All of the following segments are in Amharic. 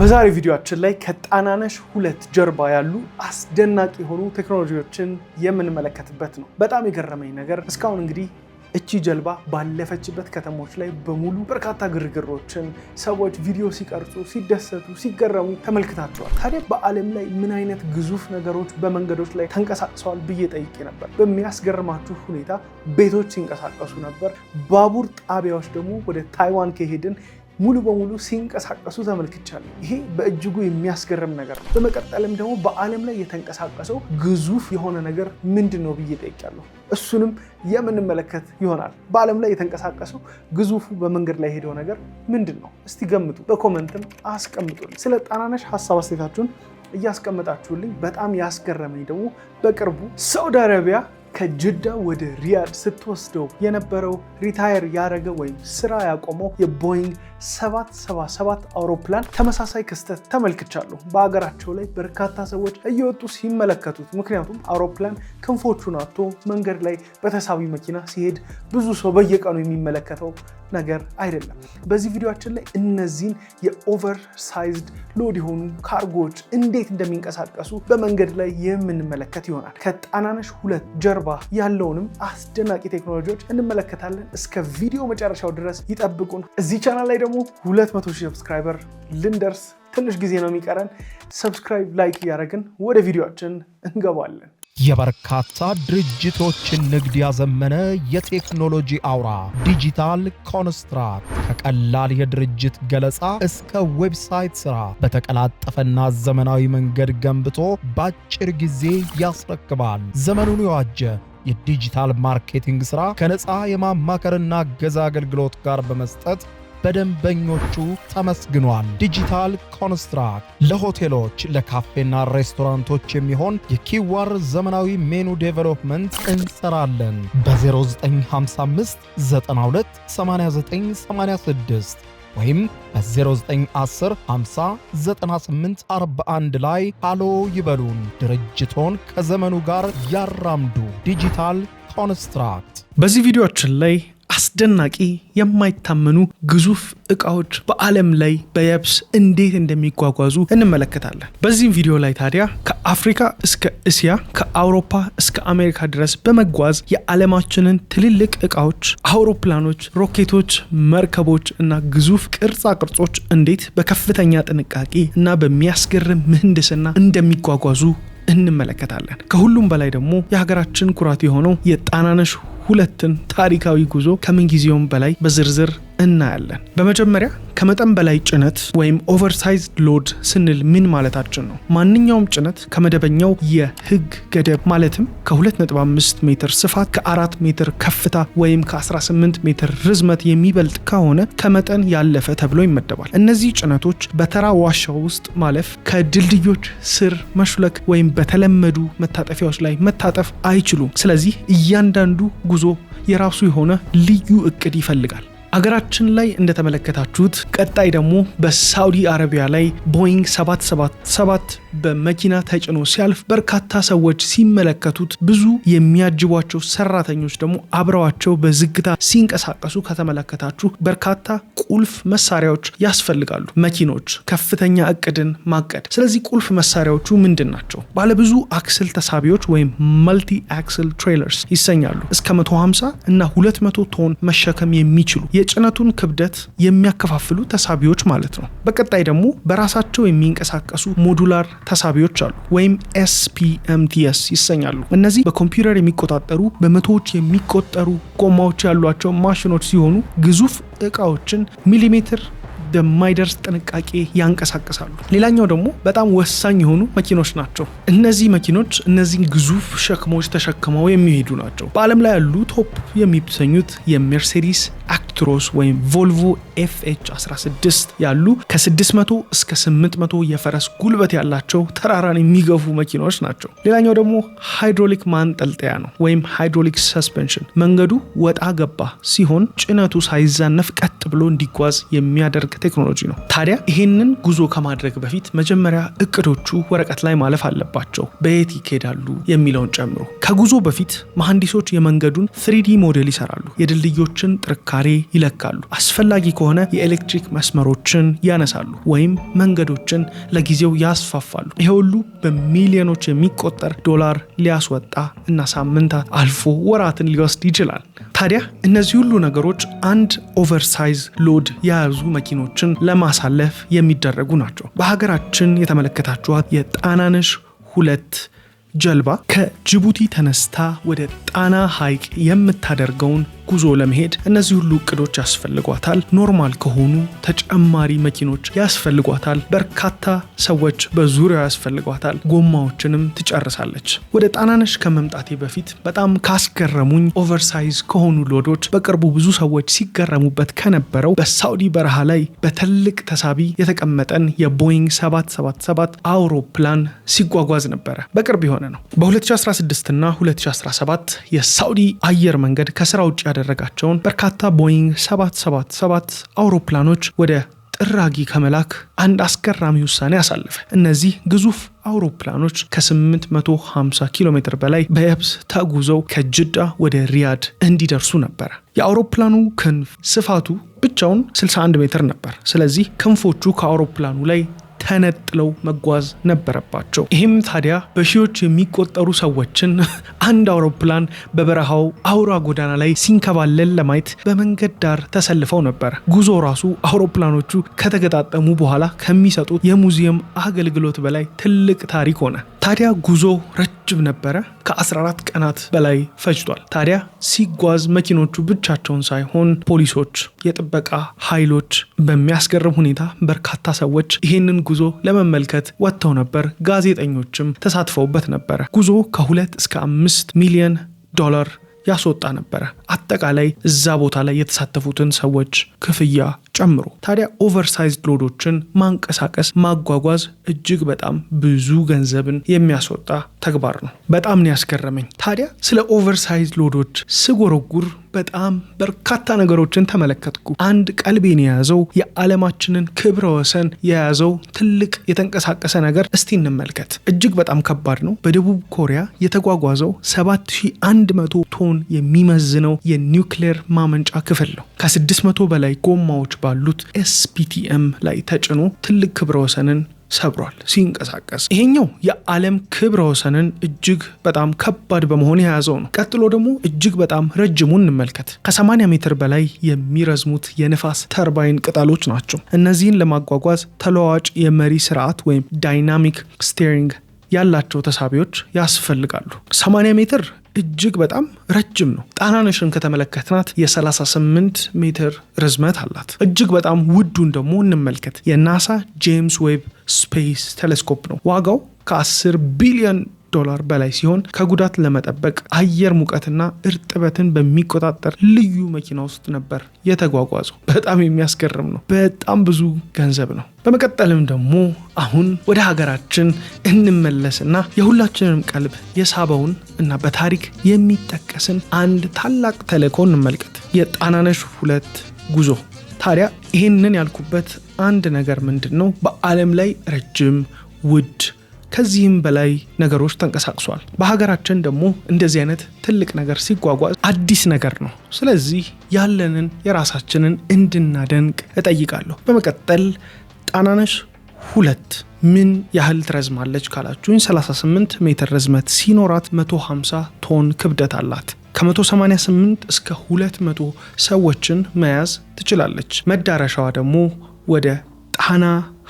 በዛሬ ቪዲዮችን ላይ ከጣናነሽ ሁለት ጀርባ ያሉ አስደናቂ የሆኑ ቴክኖሎጂዎችን የምንመለከትበት ነው። በጣም የገረመኝ ነገር እስካሁን እንግዲህ እቺ ጀልባ ባለፈችበት ከተሞች ላይ በሙሉ በርካታ ግርግሮችን ሰዎች ቪዲዮ ሲቀርጹ፣ ሲደሰቱ፣ ሲገረሙ ተመልክታቸዋል። ታዲያ በዓለም ላይ ምን አይነት ግዙፍ ነገሮች በመንገዶች ላይ ተንቀሳቅሰዋል ብዬ ጠይቄ ነበር። በሚያስገርማችሁ ሁኔታ ቤቶች ሲንቀሳቀሱ ነበር። ባቡር ጣቢያዎች ደግሞ ወደ ታይዋን ከሄድን ሙሉ በሙሉ ሲንቀሳቀሱ ተመልክቻለሁ። ይሄ በእጅጉ የሚያስገርም ነገር ነው። በመቀጠልም ደግሞ በዓለም ላይ የተንቀሳቀሰው ግዙፍ የሆነ ነገር ምንድን ነው ብዬ ጠይቄያለሁ። እሱንም የምንመለከት ይሆናል። በዓለም ላይ የተንቀሳቀሰው ግዙፉ በመንገድ ላይ ሄደው ነገር ምንድን ነው? እስቲ ገምቱ፣ በኮመንትም አስቀምጡልኝ። ስለ ጣናነሽ ሀሳብ አስተያየታችሁን እያስቀመጣችሁልኝ በጣም ያስገረመኝ ደግሞ በቅርቡ ሳውዲ አረቢያ ከጅዳ ወደ ሪያድ ስትወስደው የነበረው ሪታየር ያደረገ ወይም ስራ ያቆመው የቦይንግ 777 አውሮፕላን ተመሳሳይ ክስተት ተመልክቻለሁ። በሀገራቸው ላይ በርካታ ሰዎች እየወጡ ሲመለከቱት፣ ምክንያቱም አውሮፕላን ክንፎቹን አጥቶ መንገድ ላይ በተሳቢ መኪና ሲሄድ ብዙ ሰው በየቀኑ የሚመለከተው ነገር አይደለም። በዚህ ቪዲዮችን ላይ እነዚህን የኦቨርሳይዝድ ሎድ የሆኑ ካርጎዎች እንዴት እንደሚንቀሳቀሱ በመንገድ ላይ የምንመለከት ይሆናል። ከጣናነሽ ሁለት ጀርባ ያለውንም አስደናቂ ቴክኖሎጂዎች እንመለከታለን። እስከ ቪዲዮ መጨረሻው ድረስ ይጠብቁን። እዚህ ቻናል ላይ ደግሞ 200 ሺህ ሰብስክራይበር ልንደርስ ትንሽ ጊዜ ነው የሚቀረን። ሰብስክራይብ፣ ላይክ እያደረግን ወደ ቪዲዮችን እንገባለን። የበርካታ ድርጅቶችን ንግድ ያዘመነ የቴክኖሎጂ አውራ ዲጂታል ኮንስትራክት ከቀላል የድርጅት ገለጻ እስከ ዌብሳይት ሥራ በተቀላጠፈና ዘመናዊ መንገድ ገንብቶ በአጭር ጊዜ ያስረክባል። ዘመኑን የዋጀ የዲጂታል ማርኬቲንግ ሥራ ከነፃ የማማከርና ገዛ አገልግሎት ጋር በመስጠት በደንበኞቹ ተመስግኗል። ዲጂታል ኮንስትራክት ለሆቴሎች ለካፌና ሬስቶራንቶች የሚሆን የኪዋር ዘመናዊ ሜኑ ዴቨሎፕመንት እንሰራለን። በ0955 92 8986 ወይም በ0910 50 9841 ላይ ሃሎ ይበሉን። ድርጅቶን ከዘመኑ ጋር ያራምዱ። ዲጂታል ኮንስትራክት በዚህ ቪዲዮችን ላይ አስደናቂ የማይታመኑ ግዙፍ እቃዎች በዓለም ላይ በየብስ እንዴት እንደሚጓጓዙ እንመለከታለን። በዚህም ቪዲዮ ላይ ታዲያ ከአፍሪካ እስከ እስያ ከአውሮፓ እስከ አሜሪካ ድረስ በመጓዝ የዓለማችንን ትልልቅ እቃዎች፣ አውሮፕላኖች፣ ሮኬቶች፣ መርከቦች እና ግዙፍ ቅርጻ ቅርጾች እንዴት በከፍተኛ ጥንቃቄ እና በሚያስገርም ምህንድስና እንደሚጓጓዙ እንመለከታለን። ከሁሉም በላይ ደግሞ የሀገራችን ኩራት የሆነው የጣናነሽ ሁለትን ታሪካዊ ጉዞ ከምንጊዜውም በላይ በዝርዝር እናያለን። በመጀመሪያ ከመጠን በላይ ጭነት ወይም ኦቨርሳይዝድ ሎድ ስንል ምን ማለታችን ነው? ማንኛውም ጭነት ከመደበኛው የህግ ገደብ ማለትም ከ2.5 ሜትር ስፋት ከ4 ሜትር ከፍታ ወይም ከ18 ሜትር ርዝመት የሚበልጥ ከሆነ ከመጠን ያለፈ ተብሎ ይመደባል። እነዚህ ጭነቶች በተራ ዋሻ ውስጥ ማለፍ፣ ከድልድዮች ስር መሽለክ ወይም በተለመዱ መታጠፊያዎች ላይ መታጠፍ አይችሉም። ስለዚህ እያንዳንዱ ጉዞ የራሱ የሆነ ልዩ እቅድ ይፈልጋል። አገራችን ላይ እንደተመለከታችሁት ቀጣይ ደግሞ በሳውዲ አረቢያ ላይ ቦይንግ 777 በመኪና ተጭኖ ሲያልፍ በርካታ ሰዎች ሲመለከቱት፣ ብዙ የሚያጅቧቸው ሰራተኞች ደግሞ አብረዋቸው በዝግታ ሲንቀሳቀሱ ከተመለከታችሁ በርካታ ቁልፍ መሳሪያዎች ያስፈልጋሉ። መኪኖች ከፍተኛ እቅድን ማቀድ። ስለዚህ ቁልፍ መሳሪያዎቹ ምንድን ናቸው? ባለብዙ አክስል ተሳቢዎች ወይም መልቲ አክስል ትሬለርስ ይሰኛሉ። እስከ 150 እና 200 ቶን መሸከም የሚችሉ የጭነቱን ክብደት የሚያከፋፍሉ ተሳቢዎች ማለት ነው። በቀጣይ ደግሞ በራሳቸው የሚንቀሳቀሱ ሞዱላር ተሳቢዎች አሉ ወይም ኤስፒኤምቲኤስ ይሰኛሉ። እነዚህ በኮምፒውተር የሚቆጣጠሩ በመቶዎች የሚቆጠሩ ጎማዎች ያሏቸው ማሽኖች ሲሆኑ ግዙፍ እቃዎችን ሚሊሜትር በማይደርስ ጥንቃቄ ያንቀሳቀሳሉ። ሌላኛው ደግሞ በጣም ወሳኝ የሆኑ መኪኖች ናቸው። እነዚህ መኪኖች እነዚህን ግዙፍ ሸክሞች ተሸክመው የሚሄዱ ናቸው። በዓለም ላይ ያሉ ቶፕ የሚሰኙት የሜርሴዲስ አክትሮስ ወይም ቮልቮ ኤፍኤች 16 ያሉ ከ600 እስከ 800 የፈረስ ጉልበት ያላቸው ተራራን የሚገፉ መኪኖች ናቸው። ሌላኛው ደግሞ ሃይድሮሊክ ማንጠልጠያ ነው ወይም ሃይድሮሊክ ሰስፔንሽን። መንገዱ ወጣ ገባ ሲሆን ጭነቱ ሳይዛነፍ ቀጥ ብሎ እንዲጓዝ የሚያደርግ ቴክኖሎጂ ነው። ታዲያ ይህንን ጉዞ ከማድረግ በፊት መጀመሪያ እቅዶቹ ወረቀት ላይ ማለፍ አለባቸው፣ በየት ይካሄዳሉ የሚለውን ጨምሮ። ከጉዞ በፊት መሐንዲሶች የመንገዱን ፍሪዲ ሞዴል ይሰራሉ፣ የድልድዮችን ጥንካሬ ይለካሉ፣ አስፈላጊ ከሆነ የኤሌክትሪክ መስመሮችን ያነሳሉ ወይም መንገዶችን ለጊዜው ያስፋፋሉ። ይሄ ሁሉ በሚሊዮኖች የሚቆጠር ዶላር ሊያስወጣ እና ሳምንታት አልፎ ወራትን ሊወስድ ይችላል። ታዲያ እነዚህ ሁሉ ነገሮች አንድ ኦቨርሳይዝ ሎድ የያዙ መኪኖች ፕሮግራሞችን ለማሳለፍ የሚደረጉ ናቸው። በሀገራችን የተመለከታችኋት የጣናነሽ ሁለት ጀልባ ከጅቡቲ ተነስታ ወደ ጣና ሐይቅ የምታደርገውን ጉዞ ለመሄድ እነዚህ ሁሉ እቅዶች ያስፈልጓታል። ኖርማል ከሆኑ ተጨማሪ መኪኖች ያስፈልጓታል። በርካታ ሰዎች በዙሪያው ያስፈልጓታል። ጎማዎችንም ትጨርሳለች። ወደ ጣናነሽ ከመምጣቴ በፊት በጣም ካስገረሙኝ ኦቨርሳይዝ ከሆኑ ሎዶች በቅርቡ ብዙ ሰዎች ሲገረሙበት ከነበረው በሳውዲ በረሃ ላይ በትልቅ ተሳቢ የተቀመጠን የቦይንግ 777 አውሮፕላን ሲጓጓዝ ነበረ። በቅርብ የሆነ ነው። በ2016 እና 2017 የሳውዲ አየር መንገድ ከስራ ውጭ ያደ ያደረጋቸውን በርካታ ቦይንግ 777 አውሮፕላኖች ወደ ጥራጊ ከመላክ አንድ አስገራሚ ውሳኔ አሳለፈ። እነዚህ ግዙፍ አውሮፕላኖች ከ850 ኪሎ ሜትር በላይ በየብስ ተጉዘው ከጅዳ ወደ ሪያድ እንዲደርሱ ነበረ። የአውሮፕላኑ ክንፍ ስፋቱ ብቻውን 61 ሜትር ነበር። ስለዚህ ክንፎቹ ከአውሮፕላኑ ላይ ተነጥለው መጓዝ ነበረባቸው። ይህም ታዲያ በሺዎች የሚቆጠሩ ሰዎችን አንድ አውሮፕላን በበረሃው አውራ ጎዳና ላይ ሲንከባለል ለማየት በመንገድ ዳር ተሰልፈው ነበር። ጉዞ ራሱ አውሮፕላኖቹ ከተገጣጠሙ በኋላ ከሚሰጡት የሙዚየም አገልግሎት በላይ ትልቅ ታሪክ ሆነ። ታዲያ ጉዞ ረጅም ነበረ። ከ14 ቀናት በላይ ፈጅቷል። ታዲያ ሲጓዝ መኪኖቹ ብቻቸውን ሳይሆን ፖሊሶች፣ የጥበቃ ኃይሎች በሚያስገርም ሁኔታ በርካታ ሰዎች ይህንን ጉዞ ለመመልከት ወጥተው ነበር። ጋዜጠኞችም ተሳትፈውበት ነበረ። ጉዞ ከሁለት እስከ አምስት ሚሊዮን ዶላር ያስወጣ ነበረ። አጠቃላይ እዛ ቦታ ላይ የተሳተፉትን ሰዎች ክፍያ ጨምሮ። ታዲያ ኦቨርሳይዝድ ሎዶችን ማንቀሳቀስ፣ ማጓጓዝ እጅግ በጣም ብዙ ገንዘብን የሚያስወጣ ተግባር ነው። በጣም ነው ያስገረመኝ። ታዲያ ስለ ኦቨርሳይዝድ ሎዶች ስጎረጉር በጣም በርካታ ነገሮችን ተመለከትኩ። አንድ ቀልቤን የያዘው የዓለማችንን ክብረ ወሰን የያዘው ትልቅ የተንቀሳቀሰ ነገር እስቲ እንመልከት። እጅግ በጣም ከባድ ነው። በደቡብ ኮሪያ የተጓጓዘው 7100 ቶን የሚመዝነው የኒውክሌር ማመንጫ ክፍል ነው። ከ600 በላይ ጎማዎች ባሉት ኤስፒቲኤም ላይ ተጭኖ ትልቅ ክብረ ወሰንን ሰብሯል ሲንቀሳቀስ። ይሄኛው የዓለም ክብረ ወሰንን እጅግ በጣም ከባድ በመሆን የያዘው ነው። ቀጥሎ ደግሞ እጅግ በጣም ረጅሙ እንመልከት። ከ80 ሜትር በላይ የሚረዝሙት የንፋስ ተርባይን ቅጠሎች ናቸው። እነዚህን ለማጓጓዝ ተለዋዋጭ የመሪ ስርዓት ወይም ዳይናሚክ ስቴሪንግ ያላቸው ተሳቢዎች ያስፈልጋሉ። 80 ሜትር እጅግ በጣም ረጅም ነው። ጣናነሽን ከተመለከትናት የ38 ሜትር ርዝመት አላት። እጅግ በጣም ውዱን ደግሞ እንመልከት። የናሳ ጄምስ ዌብ ስፔስ ቴሌስኮፕ ነው። ዋጋው ከ10 ቢሊዮን ዶላር በላይ ሲሆን ከጉዳት ለመጠበቅ አየር ሙቀትና እርጥበትን በሚቆጣጠር ልዩ መኪና ውስጥ ነበር የተጓጓዘው። በጣም የሚያስገርም ነው። በጣም ብዙ ገንዘብ ነው። በመቀጠልም ደግሞ አሁን ወደ ሀገራችን እንመለስና የሁላችንም ቀልብ የሳበውን እና በታሪክ የሚጠቀስን አንድ ታላቅ ተልዕኮ እንመልከት። የጣናነሽ ሁለት ጉዞ። ታዲያ ይህንን ያልኩበት አንድ ነገር ምንድን ነው? በዓለም ላይ ረጅም ውድ ከዚህም በላይ ነገሮች ተንቀሳቅሷል። በሀገራችን ደግሞ እንደዚህ አይነት ትልቅ ነገር ሲጓጓዝ አዲስ ነገር ነው። ስለዚህ ያለንን የራሳችንን እንድናደንቅ እጠይቃለሁ። በመቀጠል ጣናነሽ ሁለት ምን ያህል ትረዝማለች ካላችሁኝ 38 ሜትር ርዝመት ሲኖራት 150 ቶን ክብደት አላት። ከ188 እስከ 200 ሰዎችን መያዝ ትችላለች። መዳረሻዋ ደግሞ ወደ ጣና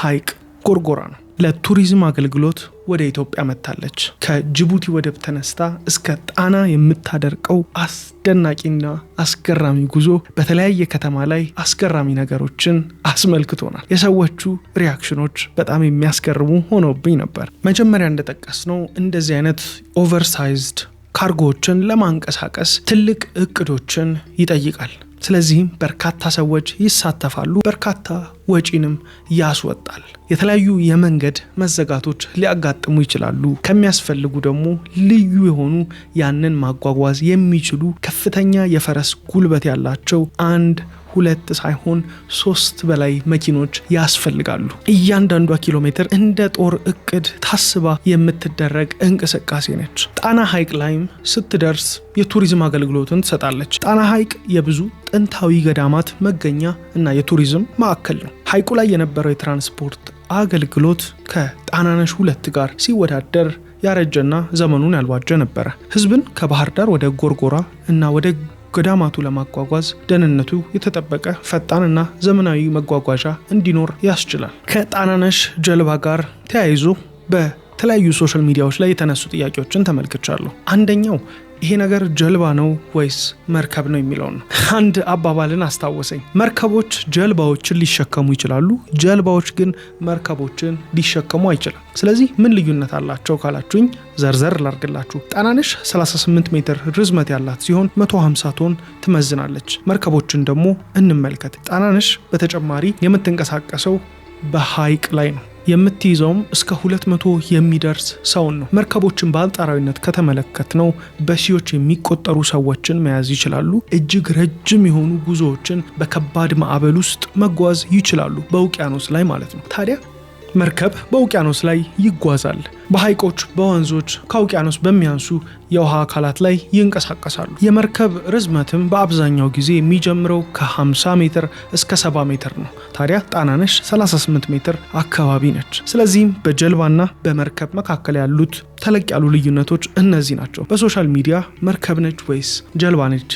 ሐይቅ ጎርጎራ ነው። ለቱሪዝም አገልግሎት ወደ ኢትዮጵያ መጥታለች። ከጅቡቲ ወደብ ተነስታ እስከ ጣና የምታደርቀው አስደናቂና አስገራሚ ጉዞ በተለያየ ከተማ ላይ አስገራሚ ነገሮችን አስመልክቶናል። የሰዎቹ ሪያክሽኖች በጣም የሚያስገርሙ ሆኖብኝ ነበር። መጀመሪያ እንደጠቀስነው እንደዚህ አይነት ኦቨርሳይዝድ ካርጎዎችን ለማንቀሳቀስ ትልቅ እቅዶችን ይጠይቃል። ስለዚህም በርካታ ሰዎች ይሳተፋሉ፣ በርካታ ወጪንም ያስወጣል። የተለያዩ የመንገድ መዘጋቶች ሊያጋጥሙ ይችላሉ። ከሚያስፈልጉ ደግሞ ልዩ የሆኑ ያንን ማጓጓዝ የሚችሉ ከፍተኛ የፈረስ ጉልበት ያላቸው አንድ ሁለት ሳይሆን ሶስት በላይ መኪኖች ያስፈልጋሉ። እያንዳንዷ ኪሎ ሜትር እንደ ጦር እቅድ ታስባ የምትደረግ እንቅስቃሴ ነች። ጣና ሐይቅ ላይም ስትደርስ የቱሪዝም አገልግሎትን ትሰጣለች። ጣና ሐይቅ የብዙ ጥንታዊ ገዳማት መገኛ እና የቱሪዝም ማዕከል ነው። ሐይቁ ላይ የነበረው የትራንስፖርት አገልግሎት ከጣናነሽ ሁለት ጋር ሲወዳደር ያረጀና ዘመኑን ያልዋጀ ነበረ። ህዝብን ከባህር ዳር ወደ ጎርጎራ እና ወደ ገዳማቱ ለማጓጓዝ ደህንነቱ የተጠበቀ ፈጣንና ዘመናዊ መጓጓዣ እንዲኖር ያስችላል። ከጣናነሽ ጀልባ ጋር ተያይዞ በተለያዩ ሶሻል ሚዲያዎች ላይ የተነሱ ጥያቄዎችን ተመልክቻለሁ። አንደኛው ይሄ ነገር ጀልባ ነው ወይስ መርከብ ነው የሚለውን አንድ አባባልን አስታወሰኝ። መርከቦች ጀልባዎችን ሊሸከሙ ይችላሉ፣ ጀልባዎች ግን መርከቦችን ሊሸከሙ አይችልም። ስለዚህ ምን ልዩነት አላቸው ካላችሁኝ ዘርዘር ላርግላችሁ። ጣናነሽ 38 ሜትር ርዝመት ያላት ሲሆን 150 ቶን ትመዝናለች። መርከቦችን ደግሞ እንመልከት። ጣናነሽ በተጨማሪ የምትንቀሳቀሰው በሐይቅ ላይ ነው። የምትይዘውም እስከ 200 የሚደርስ ሰውን ነው። መርከቦችን በአንጻራዊነት ከተመለከት ነው በሺዎች የሚቆጠሩ ሰዎችን መያዝ ይችላሉ። እጅግ ረጅም የሆኑ ጉዞዎችን በከባድ ማዕበል ውስጥ መጓዝ ይችላሉ፣ በውቅያኖስ ላይ ማለት ነው። ታዲያ መርከብ በውቅያኖስ ላይ ይጓዛል። በሐይቆች፣ በወንዞች ከውቅያኖስ በሚያንሱ የውሃ አካላት ላይ ይንቀሳቀሳሉ። የመርከብ ርዝመትም በአብዛኛው ጊዜ የሚጀምረው ከ50 ሜትር እስከ 70 ሜትር ነው። ታዲያ ጣናነሽ 38 ሜትር አካባቢ ነች። ስለዚህም በጀልባና በመርከብ መካከል ያሉት ተለቅ ያሉ ልዩነቶች እነዚህ ናቸው። በሶሻል ሚዲያ መርከብ ነች ወይስ ጀልባ ነች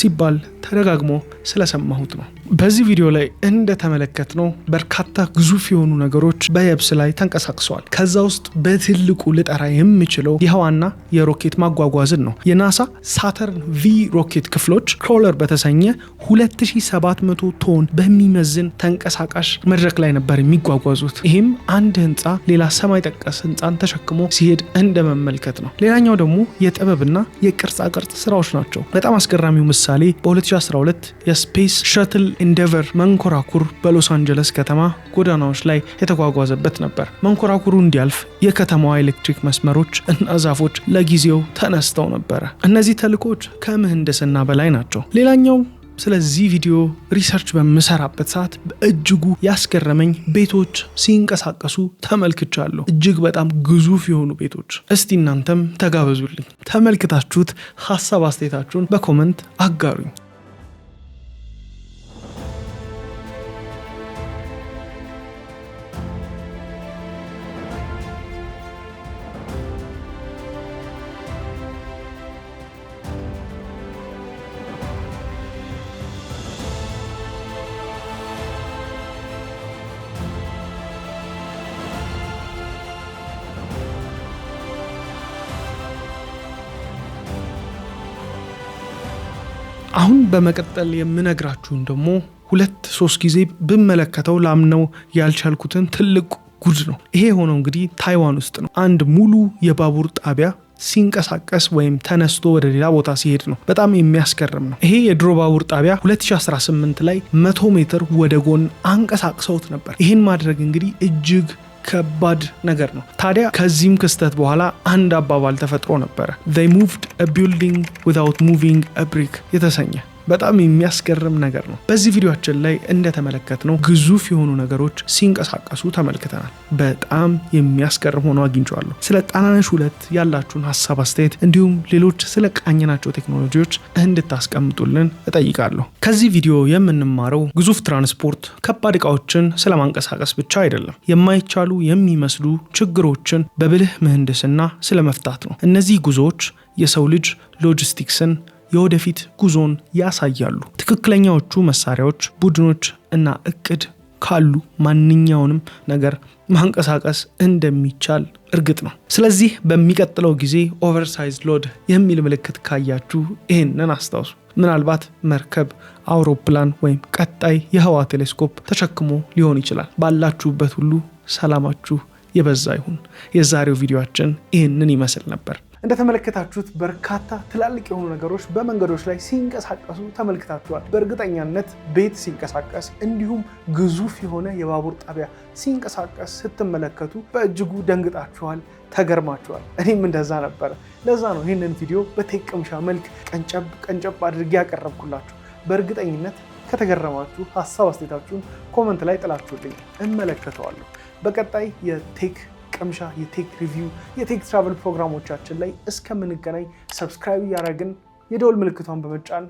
ሲባል ተደጋግሞ ስለሰማሁት ነው። በዚህ ቪዲዮ ላይ እንደተመለከትነው በርካታ ግዙፍ የሆኑ ነገሮች በየብስ ላይ ተንቀሳቅሰዋል። ከዛ ውስጥ በትልቁ ልጠራ የምችለው የህዋና የሮኬት ማጓጓዝን ነው። የናሳ ሳተርን ቪ ሮኬት ክፍሎች ክሮለር በተሰኘ 2700 ቶን በሚመዝን ተንቀሳቃሽ መድረክ ላይ ነበር የሚጓጓዙት። ይህም አንድ ህንፃ ሌላ ሰማይ ጠቀስ ህንፃን ተሸክሞ ሲሄድ እንደመመልከት ነው። ሌላኛው ደግሞ የጥበብና የቅርጻ ቅርጽ ስራዎች ናቸው። በጣም አስገራሚው ምሳሌ በ2012 የስፔስ ሸትል ኢንደቨር መንኮራኩር በሎስ አንጀለስ ከተማ ጎዳናዎች ላይ የተጓጓዘበት ነበር። መንኮራኩሩ እንዲያልፍ የከተማዋ ኤሌክትሪክ መስመሮች እና ዛፎች ለጊዜው ተነስተው ነበረ። እነዚህ ተልእኮች ከምህንድስና በላይ ናቸው። ሌላኛው ስለዚህ ቪዲዮ ሪሰርች በምሰራበት ሰዓት በእጅጉ ያስገረመኝ ቤቶች ሲንቀሳቀሱ ተመልክቻለሁ። እጅግ በጣም ግዙፍ የሆኑ ቤቶች። እስቲ እናንተም ተጋበዙልኝ። ተመልክታችሁት ሀሳብ አስተያየታችሁን በኮመንት አጋሩኝ። አሁን በመቀጠል የምነግራችሁን ደግሞ ሁለት ሶስት ጊዜ ብመለከተው ላምነው ያልቻልኩትን ትልቅ ጉድ ነው። ይሄ የሆነው እንግዲህ ታይዋን ውስጥ ነው። አንድ ሙሉ የባቡር ጣቢያ ሲንቀሳቀስ ወይም ተነስቶ ወደ ሌላ ቦታ ሲሄድ ነው። በጣም የሚያስገርም ነው። ይሄ የድሮ ባቡር ጣቢያ 2018 ላይ 100 ሜትር ወደ ጎን አንቀሳቅሰውት ነበር። ይህን ማድረግ እንግዲህ እጅግ ከባድ ነገር ነው። ታዲያ ከዚህም ክስተት በኋላ አንድ አባባል ተፈጥሮ ነበረ። they moved a የተሰኘ በጣም የሚያስገርም ነገር ነው። በዚህ ቪዲዮችን ላይ እንደተመለከትነው ግዙፍ የሆኑ ነገሮች ሲንቀሳቀሱ ተመልክተናል። በጣም የሚያስገርም ሆኖ አግኝቸዋለሁ። ስለ ጣናነሽ ሁለት ያላችሁን ሀሳብ አስተያየት፣ እንዲሁም ሌሎች ስለ ቃኘናቸው ቴክኖሎጂዎች እንድታስቀምጡልን እጠይቃለሁ። ከዚህ ቪዲዮ የምንማረው ግዙፍ ትራንስፖርት ከባድ እቃዎችን ስለማንቀሳቀስ ብቻ አይደለም፣ የማይቻሉ የሚመስሉ ችግሮችን በብልህ ምህንድስና ስለመፍታት ነው። እነዚህ ጉዞዎች የሰው ልጅ ሎጂስቲክስን የወደፊት ጉዞን ያሳያሉ። ትክክለኛዎቹ መሳሪያዎች፣ ቡድኖች እና እቅድ ካሉ ማንኛውንም ነገር ማንቀሳቀስ እንደሚቻል እርግጥ ነው። ስለዚህ በሚቀጥለው ጊዜ ኦቨርሳይዝ ሎድ የሚል ምልክት ካያችሁ ይህንን አስታውሱ። ምናልባት መርከብ፣ አውሮፕላን ወይም ቀጣይ የህዋ ቴሌስኮፕ ተሸክሞ ሊሆን ይችላል። ባላችሁበት ሁሉ ሰላማችሁ የበዛ ይሁን። የዛሬው ቪዲዮችን ይህንን ይመስል ነበር። እንደተመለከታችሁት በርካታ ትላልቅ የሆኑ ነገሮች በመንገዶች ላይ ሲንቀሳቀሱ ተመልክታችኋል። በእርግጠኛነት ቤት ሲንቀሳቀስ፣ እንዲሁም ግዙፍ የሆነ የባቡር ጣቢያ ሲንቀሳቀስ ስትመለከቱ በእጅጉ ደንግጣችኋል፣ ተገርማችኋል። እኔም እንደዛ ነበረ። ለዛ ነው ይህንን ቪዲዮ በቴቅምሻ መልክ ቀንጨብ ቀንጨብ አድርጌ ያቀረብኩላችሁ። በእርግጠኝነት ከተገረማችሁ ሀሳብ አስተያየታችሁን ኮመንት ላይ ጥላችሁልኝ እመለከተዋለሁ። በቀጣይ የቴክ ቅምሻ፣ የቴክ ሪቪው፣ የቴክ ትራቨል ፕሮግራሞቻችን ላይ እስከምንገናኝ ሰብስክራይብ እያደረግን የደወል ምልክቷን በመጫን